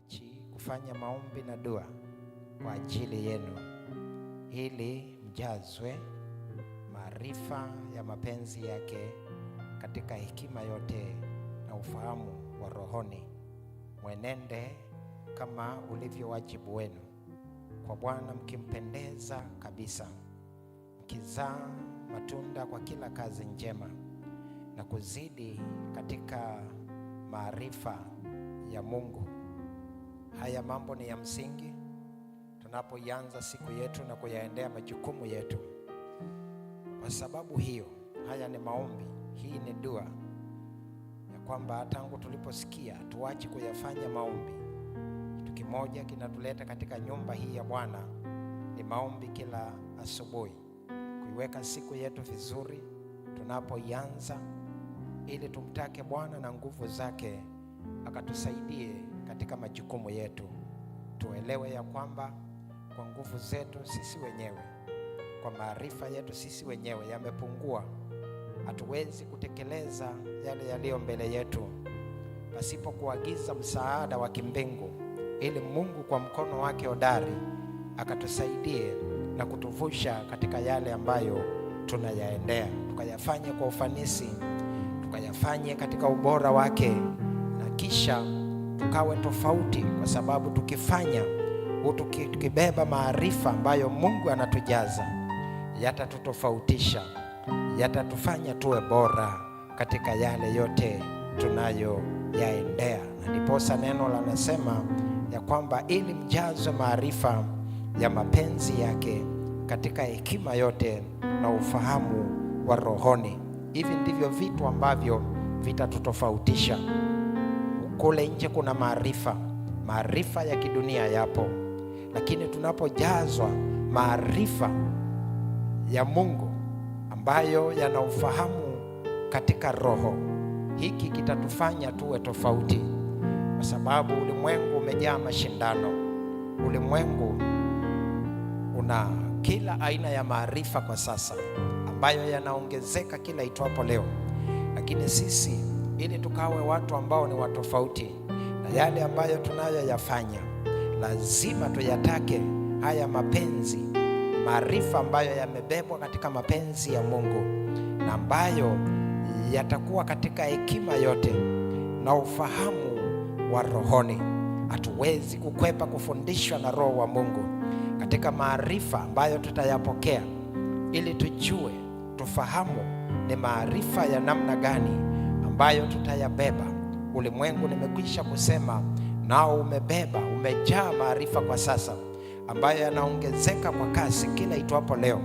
siachi kufanya maombi na dua kwa ajili yenu ili mjazwe maarifa ya mapenzi yake katika hekima yote na ufahamu wa rohoni, mwenende kama ulivyo wajibu wenu kwa Bwana, mkimpendeza kabisa, mkizaa matunda kwa kila kazi njema na kuzidi katika maarifa ya Mungu. Haya mambo ni ya msingi tunapoianza siku yetu na kuyaendea majukumu yetu. Kwa sababu hiyo, haya ni maombi, hii ni dua ya kwamba tangu tuliposikia tuache kuyafanya maombi. Kitu kimoja kinatuleta katika nyumba hii ya Bwana ni maombi kila asubuhi, kuiweka siku yetu vizuri tunapoianza, ili tumtake Bwana na nguvu zake akatusaidie katika majukumu yetu. Tuelewe ya kwamba kwa nguvu zetu sisi wenyewe, kwa maarifa yetu sisi wenyewe yamepungua. Hatuwezi kutekeleza yale yaliyo mbele yetu pasipo kuagiza msaada wa kimbingu, ili Mungu kwa mkono wake hodari akatusaidie na kutuvusha katika yale ambayo tunayaendea, tukayafanye kwa ufanisi, tukayafanye katika ubora wake na kisha tukawe tofauti, kwa sababu tukifanya tukibeba maarifa ambayo Mungu anatujaza yatatutofautisha, yatatufanya tuwe bora katika yale yote tunayoyaendea, na ndiposa neno lanasema ya kwamba ili mjazwe maarifa ya mapenzi yake katika hekima yote na ufahamu wa rohoni. Hivi ndivyo vitu ambavyo vitatutofautisha. Kule nje kuna maarifa, maarifa ya kidunia yapo, lakini tunapojazwa maarifa ya Mungu ambayo yana ufahamu katika roho, hiki kitatufanya tuwe tofauti, kwa sababu ulimwengu umejaa mashindano. Ulimwengu una kila aina ya maarifa kwa sasa ambayo yanaongezeka kila itwapo leo, lakini sisi ili tukawe watu ambao ni watofauti na yale ambayo tunayoyafanya, lazima tuyatake haya mapenzi, maarifa ambayo yamebebwa katika mapenzi ya Mungu na ambayo yatakuwa katika hekima yote na ufahamu wa rohoni. Hatuwezi kukwepa kufundishwa na Roho wa Mungu katika maarifa ambayo tutayapokea, ili tujue tufahamu ni maarifa ya namna gani ambayo tutayabeba. Ulimwengu nimekwisha kusema nao umebeba, umejaa maarifa kwa sasa, ambayo yanaongezeka kwa kasi kila itwapo leo.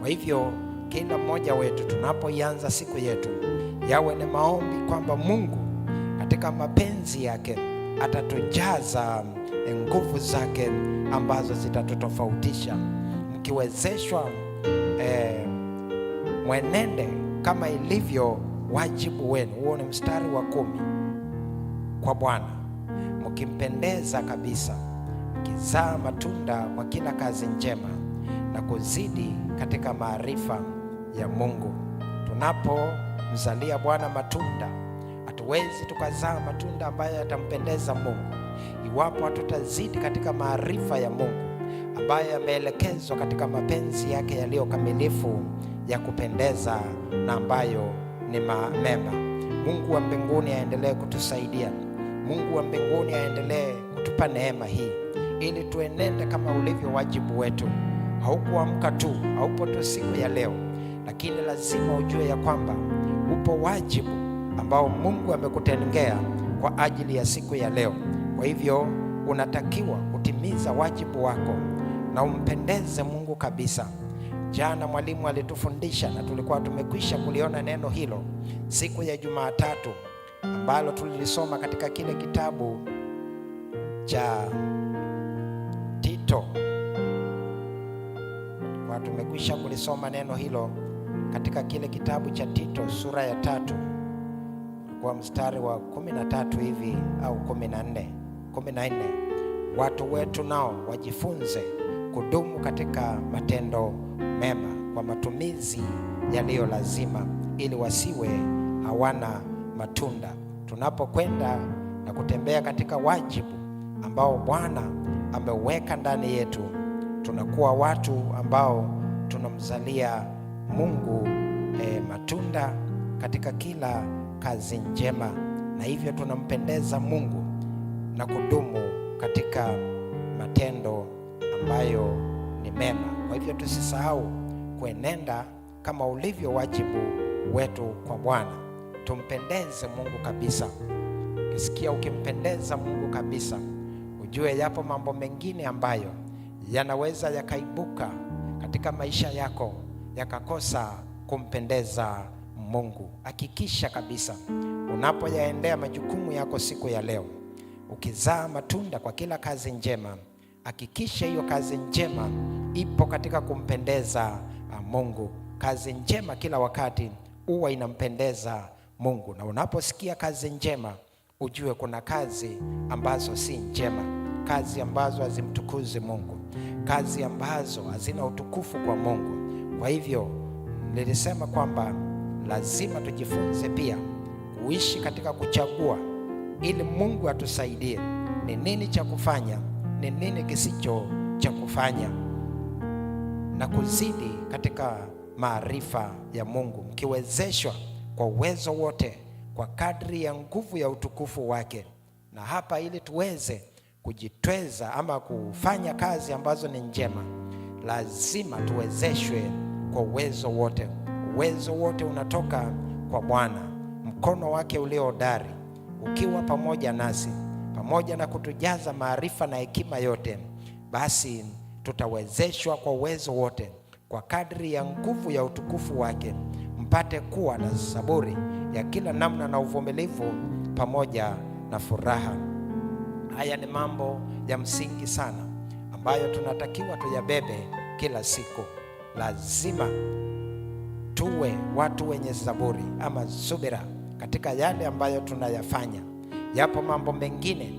Kwa hivyo kila mmoja wetu tunapoianza siku yetu, yawe ni maombi kwamba Mungu katika mapenzi yake atatujaza nguvu zake ambazo zitatutofautisha, mkiwezeshwa eh, mwenende kama ilivyo wajibu wenu. Huo ni mstari wa kumi kwa Bwana, mkimpendeza kabisa, mkizaa matunda kwa kila kazi njema na kuzidi katika maarifa ya Mungu. Tunapomzalia Bwana matunda, hatuwezi tukazaa matunda ambayo yatampendeza Mungu iwapo hatutazidi katika maarifa ya Mungu ambayo yameelekezwa katika mapenzi yake yaliyo kamilifu ya kupendeza na ambayo ni mema. Mungu wa mbinguni aendelee kutusaidia. Mungu wa mbinguni aendelee kutupa neema hii ili tuenende kama ulivyo wajibu wetu. Haukuamka tu, haupo tu siku ya leo, lakini lazima ujue ya kwamba upo wajibu ambao Mungu amekutengea kwa ajili ya siku ya leo. Kwa hivyo unatakiwa kutimiza wajibu wako na umpendeze Mungu kabisa. Jana mwalimu alitufundisha na tulikuwa tumekwisha kuliona neno hilo siku ya Jumatatu ambalo tulilisoma katika kile kitabu cha Tito. Kwa tumekwisha kulisoma neno hilo katika kile kitabu cha Tito sura ya tatu kwa mstari wa kumi na tatu hivi au kumi na nne kumi na nne watu wetu nao wajifunze kudumu katika matendo mema kwa matumizi yaliyo lazima, ili wasiwe hawana matunda. Tunapokwenda na kutembea katika wajibu ambao Bwana ameweka ndani yetu, tunakuwa watu ambao tunamzalia Mungu e, matunda katika kila kazi njema, na hivyo tunampendeza Mungu na kudumu katika matendo ambayo ni mema. Kwa hivyo tusisahau kuenenda kama ulivyo wajibu wetu kwa Bwana, tumpendeze Mungu kabisa. Ukisikia ukimpendeza Mungu kabisa, ujue yapo mambo mengine ambayo yanaweza yakaibuka katika maisha yako yakakosa kumpendeza Mungu. Hakikisha kabisa unapoyaendea majukumu yako siku ya leo, ukizaa matunda kwa kila kazi njema hakikisha hiyo kazi njema ipo katika kumpendeza ah, Mungu. Kazi njema kila wakati huwa inampendeza Mungu, na unaposikia kazi njema ujue kuna kazi ambazo si njema, kazi ambazo hazimtukuzi Mungu, kazi ambazo hazina utukufu kwa Mungu. Kwa hivyo nilisema kwamba lazima tujifunze pia kuishi katika kuchagua, ili Mungu atusaidie ni nini cha kufanya ni nini kisicho cha kufanya na kuzidi katika maarifa ya Mungu, mkiwezeshwa kwa uwezo wote kwa kadri ya nguvu ya utukufu wake. Na hapa ili tuweze kujitweza ama kufanya kazi ambazo ni njema, lazima tuwezeshwe kwa uwezo wote. Uwezo wote unatoka kwa Bwana, mkono wake ulio hodari ukiwa pamoja nasi pamoja na kutujaza maarifa na hekima yote, basi tutawezeshwa kwa uwezo wote kwa kadri ya nguvu ya utukufu wake, mpate kuwa na saburi ya kila namna na uvumilivu pamoja na furaha. Haya ni mambo ya msingi sana ambayo tunatakiwa tuyabebe kila siku. Lazima tuwe watu wenye saburi ama subira katika yale ambayo tunayafanya. Yapo mambo mengine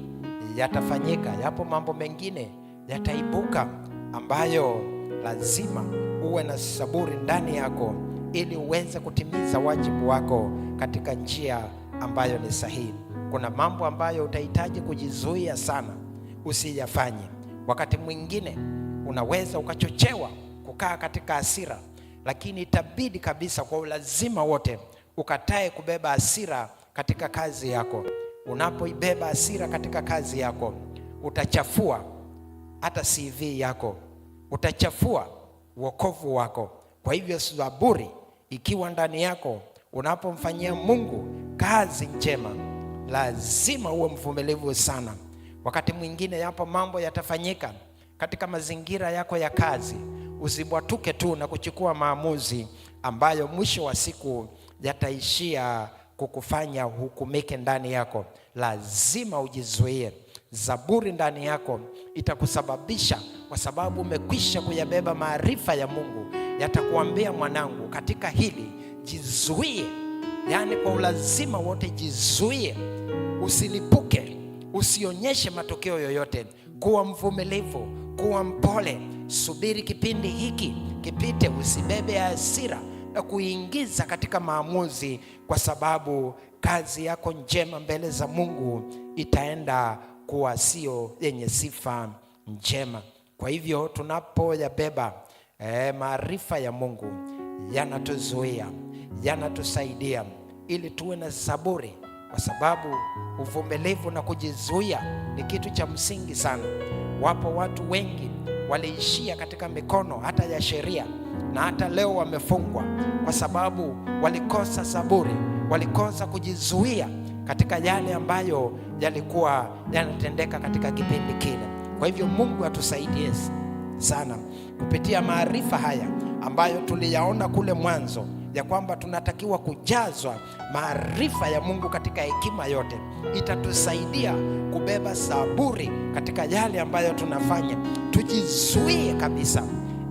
yatafanyika, yapo mambo mengine yataibuka ambayo lazima uwe na saburi ndani yako ili uweze kutimiza wajibu wako katika njia ambayo ni sahihi. Kuna mambo ambayo utahitaji kujizuia sana usiyafanye. Wakati mwingine unaweza ukachochewa kukaa katika hasira, lakini itabidi kabisa kwa ulazima wote ukatae kubeba hasira katika kazi yako. Unapoibeba hasira katika kazi yako, utachafua hata CV yako, utachafua wokovu wako. Kwa hivyo, saburi ikiwa ndani yako, unapomfanyia Mungu kazi njema, lazima uwe mvumilivu sana. Wakati mwingine, yapo mambo yatafanyika katika mazingira yako ya kazi, usibwatuke tu na kuchukua maamuzi ambayo mwisho wa siku yataishia kukufanya hukumike ndani yako, lazima ujizuie. Zaburi ndani yako itakusababisha, kwa sababu umekwisha kuyabeba maarifa ya Mungu. Yatakuambia mwanangu, katika hili jizuie, yaani kwa ulazima wote jizuie, usilipuke, usionyeshe matokeo yoyote. Kuwa mvumilivu, kuwa mpole, subiri kipindi hiki kipite, usibebe hasira na kuingiza katika maamuzi, kwa sababu kazi yako njema mbele za Mungu itaenda kuwa sio yenye sifa njema. Kwa hivyo tunapoyabeba eh, maarifa ya Mungu yanatuzuia, yanatusaidia ili tuwe na saburi, kwa sababu uvumilivu na kujizuia ni kitu cha msingi sana. Wapo watu wengi waliishia katika mikono hata ya sheria na hata leo wamefungwa kwa sababu walikosa saburi, walikosa kujizuia katika yale ambayo yalikuwa yanatendeka katika kipindi kile. Kwa hivyo Mungu atusaidie sana kupitia maarifa haya ambayo tuliyaona kule mwanzo ya kwamba tunatakiwa kujazwa maarifa ya Mungu katika hekima yote. Itatusaidia kubeba saburi katika yale ambayo tunafanya, tujizuie kabisa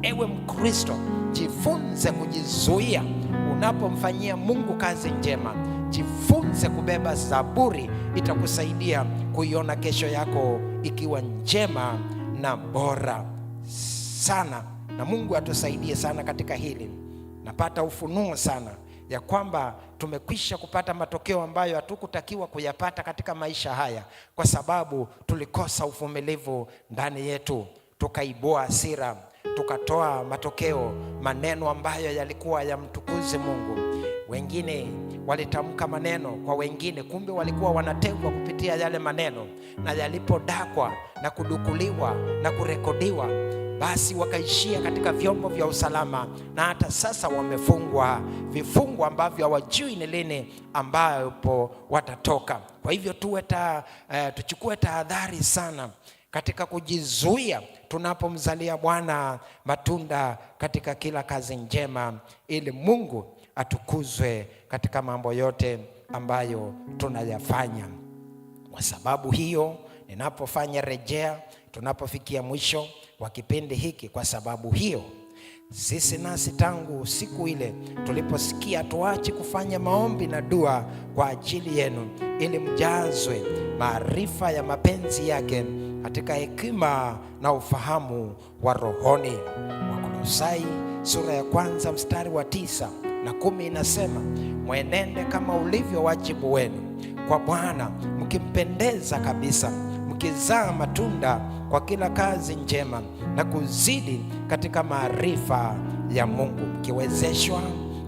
ewe Mkristo, jifunze kujizuia unapomfanyia Mungu kazi njema. Jifunze kubeba zaburi, itakusaidia kuiona kesho yako ikiwa njema na bora sana. Na Mungu atusaidie sana katika hili. Napata ufunuo sana ya kwamba tumekwisha kupata matokeo ambayo hatukutakiwa kuyapata katika maisha haya, kwa sababu tulikosa uvumilivu ndani yetu, tukaiboa hasira tukatoa matokeo, maneno ambayo yalikuwa yamtukuze Mungu. Wengine walitamka maneno kwa wengine, kumbe walikuwa wanategwa kupitia yale maneno, na yalipodakwa na kudukuliwa na kurekodiwa, basi wakaishia katika vyombo vya usalama, na hata sasa wamefungwa vifungo ambavyo hawajui ni lini ambapo watatoka. Kwa hivyo tuwe ta, eh, tuchukue tahadhari sana katika kujizuia tunapomzalia Bwana matunda katika kila kazi njema, ili Mungu atukuzwe katika mambo yote ambayo tunayafanya. Kwa sababu hiyo, ninapofanya rejea, tunapofikia mwisho wa kipindi hiki, kwa sababu hiyo sisi nasi tangu siku ile tuliposikia tuache kufanya maombi na dua kwa ajili yenu, ili mjazwe maarifa ya mapenzi yake katika hekima na ufahamu wa rohoni. Wakolosai sura ya kwanza mstari wa tisa na kumi inasema, mwenende kama ulivyo wajibu wenu kwa Bwana, mkimpendeza kabisa, mkizaa matunda kwa kila kazi njema na kuzidi katika maarifa ya Mungu, mkiwezeshwa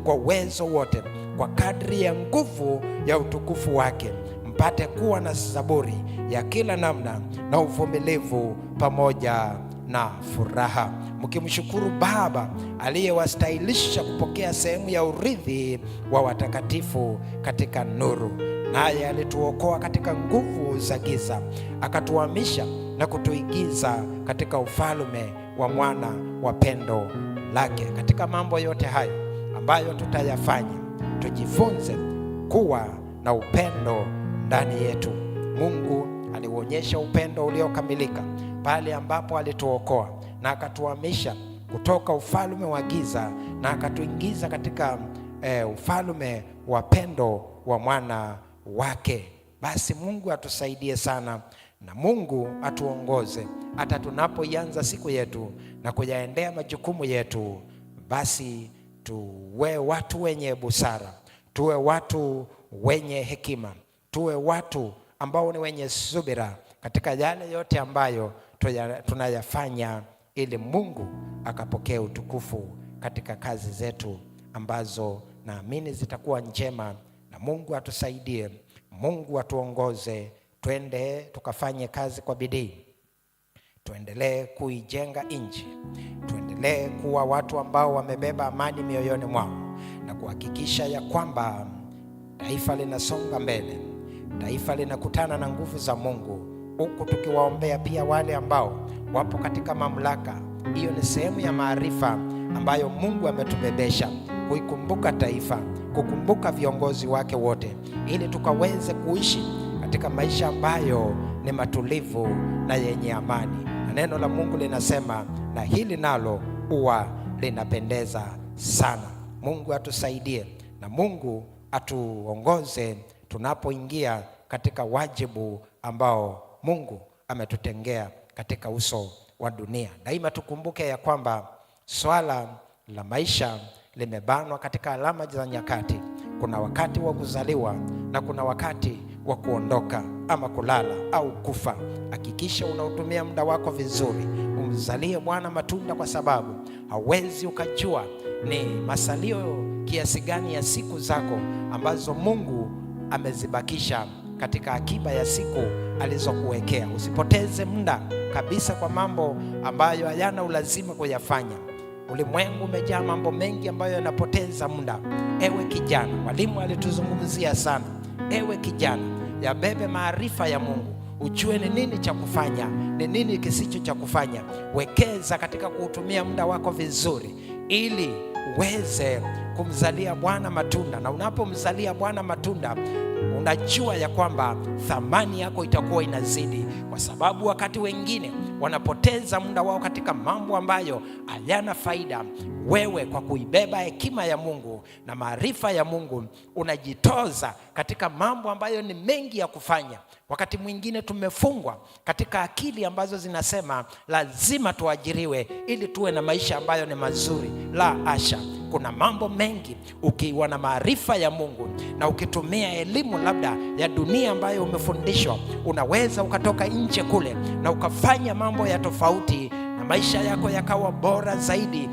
kwa uwezo wote kwa kadri ya nguvu ya utukufu wake, mpate kuwa na saburi ya kila namna na uvumilivu pamoja na furaha, mkimshukuru Baba aliyewastahilisha kupokea sehemu ya urithi wa watakatifu katika nuru naye alituokoa katika nguvu za giza, akatuhamisha na kutuingiza katika ufalme wa mwana wa pendo lake. Katika mambo yote hayo ambayo tutayafanya, tujifunze kuwa na upendo ndani yetu. Mungu aliuonyesha upendo uliokamilika pale ambapo alituokoa na akatuhamisha kutoka ufalme wa giza na akatuingiza katika e, ufalme wa pendo wa mwana wake. Basi Mungu atusaidie sana na Mungu atuongoze hata tunapoianza siku yetu na kuyaendea majukumu yetu, basi tuwe watu wenye busara, tuwe watu wenye hekima, tuwe watu ambao ni wenye subira katika yale yote ambayo tunayafanya, ili Mungu akapokea utukufu katika kazi zetu ambazo naamini zitakuwa njema. Na Mungu atusaidie, Mungu atuongoze, twende tukafanye kazi kwa bidii, tuendelee kuijenga nchi, tuendelee kuwa watu ambao wamebeba amani mioyoni mwao na kuhakikisha ya kwamba taifa linasonga mbele, taifa linakutana na nguvu za Mungu, huku tukiwaombea pia wale ambao wapo katika mamlaka. Hiyo ni sehemu ya maarifa ambayo Mungu ametubebesha kuikumbuka taifa, kukumbuka viongozi wake wote, ili tukaweze kuishi katika maisha ambayo ni matulivu na yenye amani. Na neno la Mungu linasema, na hili nalo huwa linapendeza sana. Mungu atusaidie na Mungu atuongoze tunapoingia katika wajibu ambao Mungu ametutengea katika uso wa dunia. Daima tukumbuke ya kwamba swala la maisha limebanwa katika alama za nyakati. Kuna wakati wa kuzaliwa na kuna wakati wa kuondoka ama kulala au kufa. Hakikisha unaotumia muda wako vizuri, umzalie Bwana matunda, kwa sababu hauwezi ukajua ni masalio kiasi gani ya siku zako ambazo Mungu amezibakisha katika akiba ya siku alizokuwekea. Usipoteze muda kabisa kwa mambo ambayo hayana ulazima kuyafanya. Ulimwengu umejaa mambo mengi ambayo yanapoteza muda. Ewe kijana, mwalimu alituzungumzia sana. Ewe kijana, yabebe maarifa ya Mungu, ujue ni nini cha kufanya, ni nini kisicho cha kufanya. Wekeza katika kuutumia muda wako vizuri, ili uweze kumzalia Bwana matunda, na unapomzalia Bwana matunda unajua ya kwamba thamani yako itakuwa inazidi, kwa sababu wakati wengine wanapoteza muda wao katika mambo ambayo hayana faida, wewe kwa kuibeba hekima ya Mungu na maarifa ya Mungu unajitoza katika mambo ambayo ni mengi ya kufanya. Wakati mwingine tumefungwa katika akili ambazo zinasema lazima tuajiriwe ili tuwe na maisha ambayo ni mazuri. La asha! kuna mambo mengi ukiwa na maarifa ya Mungu na ukitumia elimu labda ya dunia ambayo umefundishwa, unaweza ukatoka nje kule na ukafanya mambo ya tofauti na maisha yako yakawa bora zaidi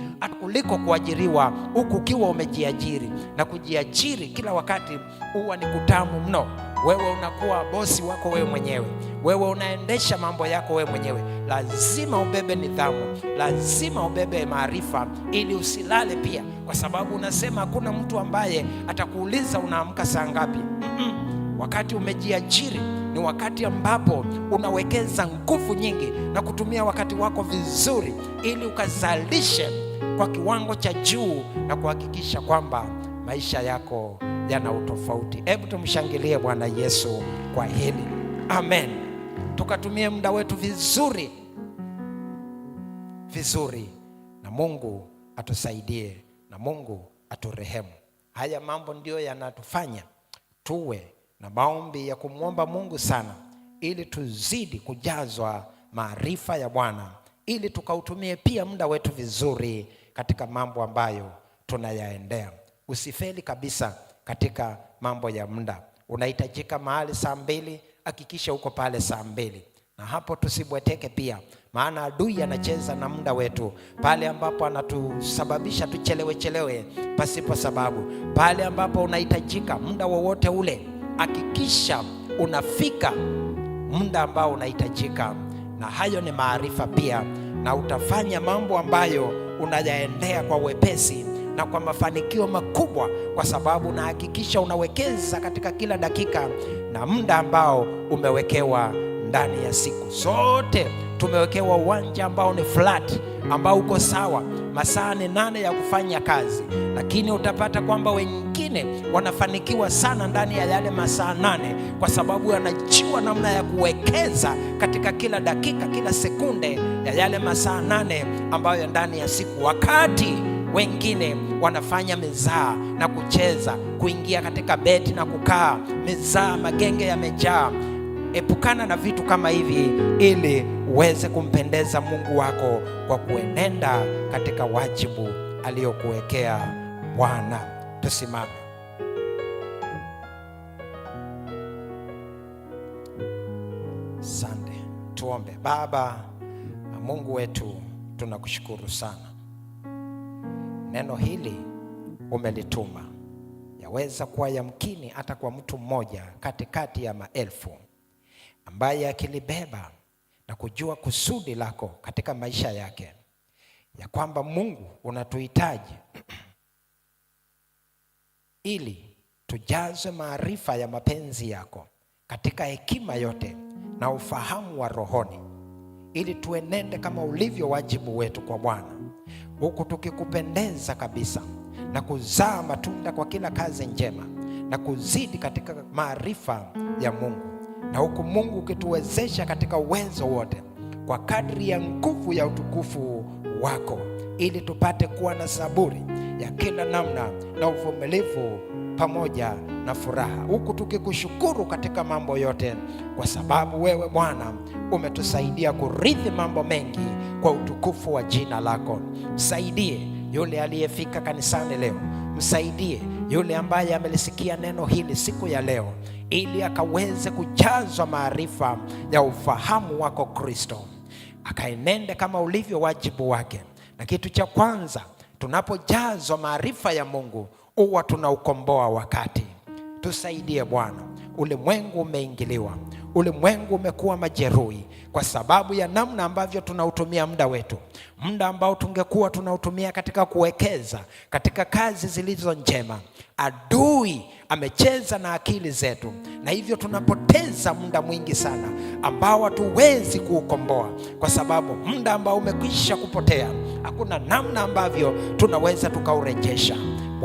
kuliko kuajiriwa huku ukiwa umejiajiri. Na kujiajiri kila wakati huwa ni kutamu mno. Wewe unakuwa bosi wako wewe mwenyewe, wewe unaendesha mambo yako wewe mwenyewe lazima ubebe nidhamu, lazima ubebe maarifa, ili usilale pia, kwa sababu unasema hakuna mtu ambaye atakuuliza unaamka saa ngapi. mm -mm. Wakati umejiajiri ni wakati ambapo unawekeza nguvu nyingi na kutumia wakati wako vizuri, ili ukazalishe kwa kiwango cha juu na kuhakikisha kwamba maisha yako yana utofauti. Hebu tumshangilie Bwana Yesu kwa hili, amen tukatumie muda wetu vizuri vizuri, na Mungu atusaidie na Mungu aturehemu. Haya mambo ndiyo yanatufanya tuwe na maombi ya kumwomba Mungu sana, ili tuzidi kujazwa maarifa ya Bwana, ili tukautumie pia muda wetu vizuri katika mambo ambayo tunayaendea. Usifeli kabisa katika mambo ya muda. Unahitajika mahali saa mbili hakikisha uko pale saa mbili na hapo tusibweteke pia, maana adui anacheza na muda wetu pale ambapo anatusababisha tuchelewe chelewe pasipo sababu. Pale ambapo unahitajika muda wowote ule, hakikisha unafika muda ambao unahitajika, na hayo ni maarifa pia, na utafanya mambo ambayo unayaendea kwa wepesi na kwa mafanikio makubwa, kwa sababu unahakikisha unawekeza katika kila dakika na muda ambao umewekewa ndani ya siku zote. Tumewekewa uwanja ambao ni flat, ambao uko sawa, masaa ni nane ya kufanya kazi, lakini utapata kwamba wengine wanafanikiwa sana ndani ya yale masaa nane, kwa sababu wanajua namna ya kuwekeza katika kila dakika, kila sekunde ya yale masaa nane ambayo ndani ya siku wakati wengine wanafanya mizaa na kucheza, kuingia katika beti na kukaa mizaa, magenge yamejaa. Epukana na vitu kama hivi ili uweze kumpendeza Mungu wako kwa kuenenda katika wajibu aliyokuwekea Bwana. Tusimame. sante tuombe. Baba Mungu wetu, tunakushukuru sana neno hili umelituma, yaweza kuwa yamkini hata kwa mtu mmoja katikati ya maelfu, ambaye akilibeba na kujua kusudi lako katika maisha yake, ya kwamba Mungu unatuhitaji ili tujazwe maarifa ya mapenzi yako katika hekima yote na ufahamu wa rohoni, ili tuenende kama ulivyo wajibu wetu kwa Bwana huku tukikupendeza kabisa na kuzaa matunda kwa kila kazi njema na kuzidi katika maarifa ya Mungu, na huku Mungu ukituwezesha katika uwezo wote kwa kadri ya nguvu ya utukufu wako, ili tupate kuwa na saburi ya kila namna na uvumilivu pamoja na furaha, huku tukikushukuru katika mambo yote, kwa sababu wewe Bwana umetusaidia kurithi mambo mengi kwa utukufu wa jina lako. Msaidie yule aliyefika kanisani leo, msaidie yule ambaye amelisikia neno hili siku ya leo, ili akaweze kujazwa maarifa ya ufahamu wako Kristo, akaenende kama ulivyo wajibu wake. Na kitu cha kwanza tunapojazwa maarifa ya Mungu huwa tunaukomboa wakati. Tusaidie Bwana, ulimwengu umeingiliwa, ulimwengu umekuwa majeruhi kwa sababu ya namna ambavyo tunautumia muda wetu, muda ambao tungekuwa tunautumia katika kuwekeza katika kazi zilizo njema. Adui amecheza na akili zetu, na hivyo tunapoteza muda mwingi sana ambao hatuwezi kuukomboa, kwa sababu muda ambao umekwisha kupotea hakuna namna ambavyo tunaweza tukaurejesha.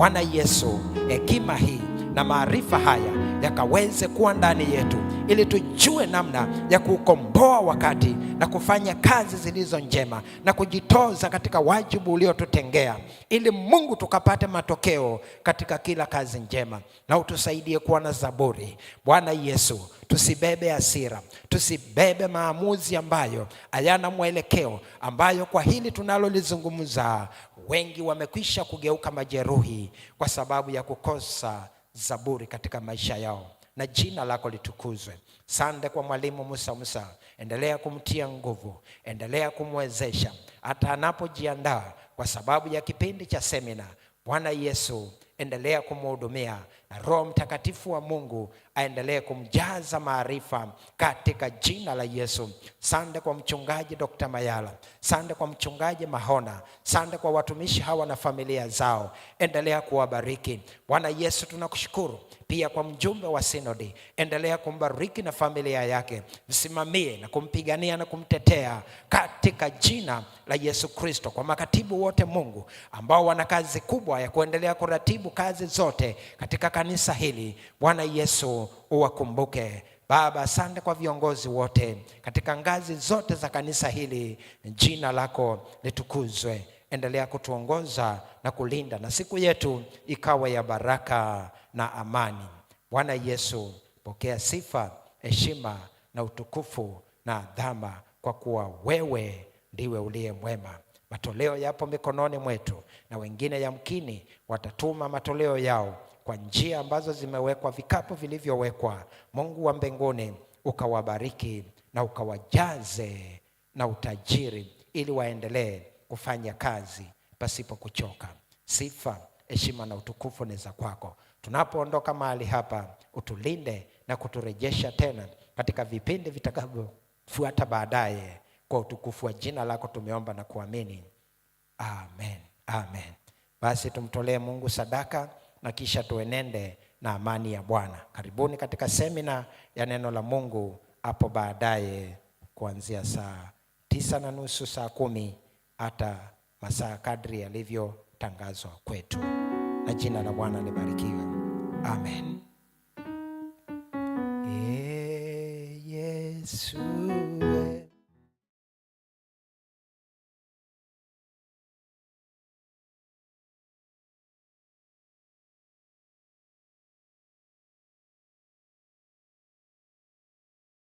Bwana Yesu, hekima hii na maarifa haya yakaweze kuwa ndani yetu, ili tujue namna ya kuukomboa wakati na kufanya kazi zilizo njema na kujitoza katika wajibu uliotutengea, ili Mungu tukapate matokeo katika kila kazi njema, na utusaidie kuwa na zaburi. Bwana Yesu, tusibebe hasira, tusibebe maamuzi ambayo hayana mwelekeo, ambayo kwa hili tunalolizungumza Wengi wamekwisha kugeuka majeruhi kwa sababu ya kukosa zaburi katika maisha yao, na jina lako litukuzwe. Sande kwa mwalimu Musa Musa, endelea kumtia nguvu, endelea kumwezesha hata anapojiandaa kwa sababu ya kipindi cha semina. Bwana Yesu, endelea kumhudumia na Roho Mtakatifu wa Mungu aendelee kumjaza maarifa katika jina la Yesu. Sande kwa mchungaji Dr. Mayala, sande kwa mchungaji Mahona, sande kwa watumishi hawa na familia zao, endelea kuwabariki Bwana Yesu. Tunakushukuru pia kwa mjumbe wa sinodi, endelea kumbariki na familia yake, msimamie na kumpigania na kumtetea katika jina la Yesu Kristo. Kwa makatibu wote Mungu ambao wana kazi kubwa ya kuendelea kuratibu kazi zote katika kanisa hili. Bwana Yesu uwakumbuke. Baba, asante kwa viongozi wote katika ngazi zote za kanisa hili, jina lako litukuzwe. Endelea kutuongoza na kulinda, na siku yetu ikawa ya baraka na amani. Bwana Yesu, pokea sifa, heshima na utukufu na adhama, kwa kuwa wewe ndiwe uliye mwema. Matoleo yapo mikononi mwetu, na wengine yamkini watatuma matoleo yao kwa njia ambazo zimewekwa, vikapu vilivyowekwa. Mungu wa mbinguni ukawabariki na ukawajaze na utajiri, ili waendelee kufanya kazi pasipo kuchoka. Sifa, heshima na utukufu ni za kwako. Tunapoondoka mahali hapa, utulinde na kuturejesha tena katika vipindi vitakavyofuata baadaye. Kwa utukufu wa jina lako tumeomba na kuamini, amen, amen. Basi tumtolee Mungu sadaka na kisha tuenende na amani ya Bwana. Karibuni katika semina ya neno la Mungu hapo baadaye kuanzia saa tisa na nusu, saa kumi hata masaa kadri yalivyotangazwa kwetu. Na jina la Bwana libarikiwe. Amen. Hey, ee Yesu